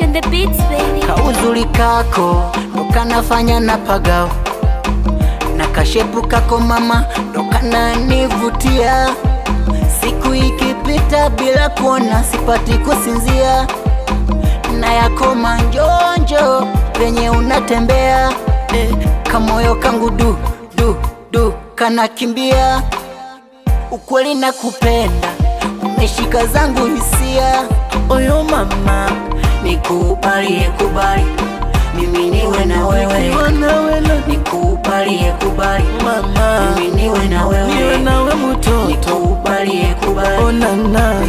Ocean the beats baby. Kauzuri kako ndo kanafanya na pagao na kashepu kako mama ndo kananivutia siku ikipita bila kuona sipati kusinzia na yako manjonjo venye unatembea eh, kamoyo kangu du du du kanakimbia ukweli na kupenda umeshika zangu hisia oyo mama nikupalie kubali mimi niwe na wewe, nikupalie kubali mimi niwe na wewe, nikupalie kubali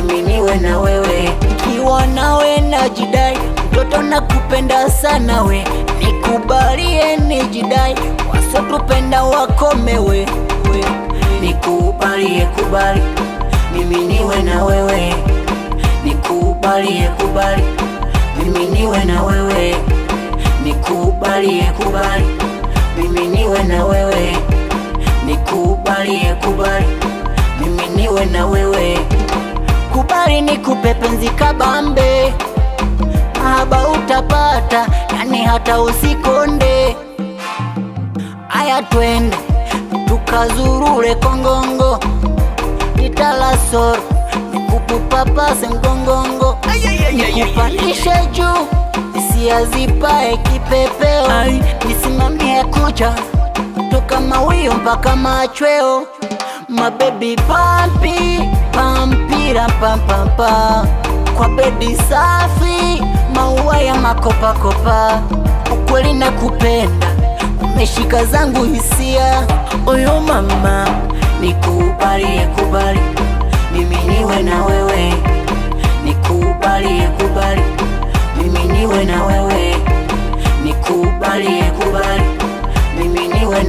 mimi niwe na wewe, nikiwa nawe najidai, mtoto nakupenda sana we, nikubalie nijidai, wasotupenda wakomewe, nikupalie kubali mimi niwe na wewe, nikupalie kubali na wewe, nikubalie kubali, mimi niwe na wewe, nikubalie kubali, mimi niwe na wewe, kubali nikupe penzi kabambe, haba utapata, yani hata usikonde. Aya, twende tukazurure Kongongo, nitalasoro nikupupapase ngongongo, nikupandishe juu kiazipae kipepeo, nisimamie kucha toka mawio mpaka machweo, mabebi pampi pampira pampampa kwa bedi safi, maua ya makopakopa, ukweli na kupenda umeshika zangu hisia, oyo mama nikubalie kubali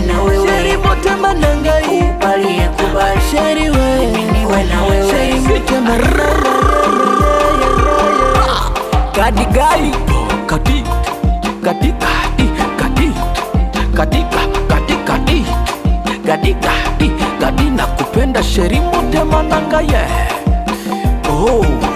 niwe na wewe sheri motema nangai upalie kubali sheri we niwe na wewe sheri motema kadigali kati kati kati kati kati kati kati kati kati kati nakupenda sheri motema nangaye oh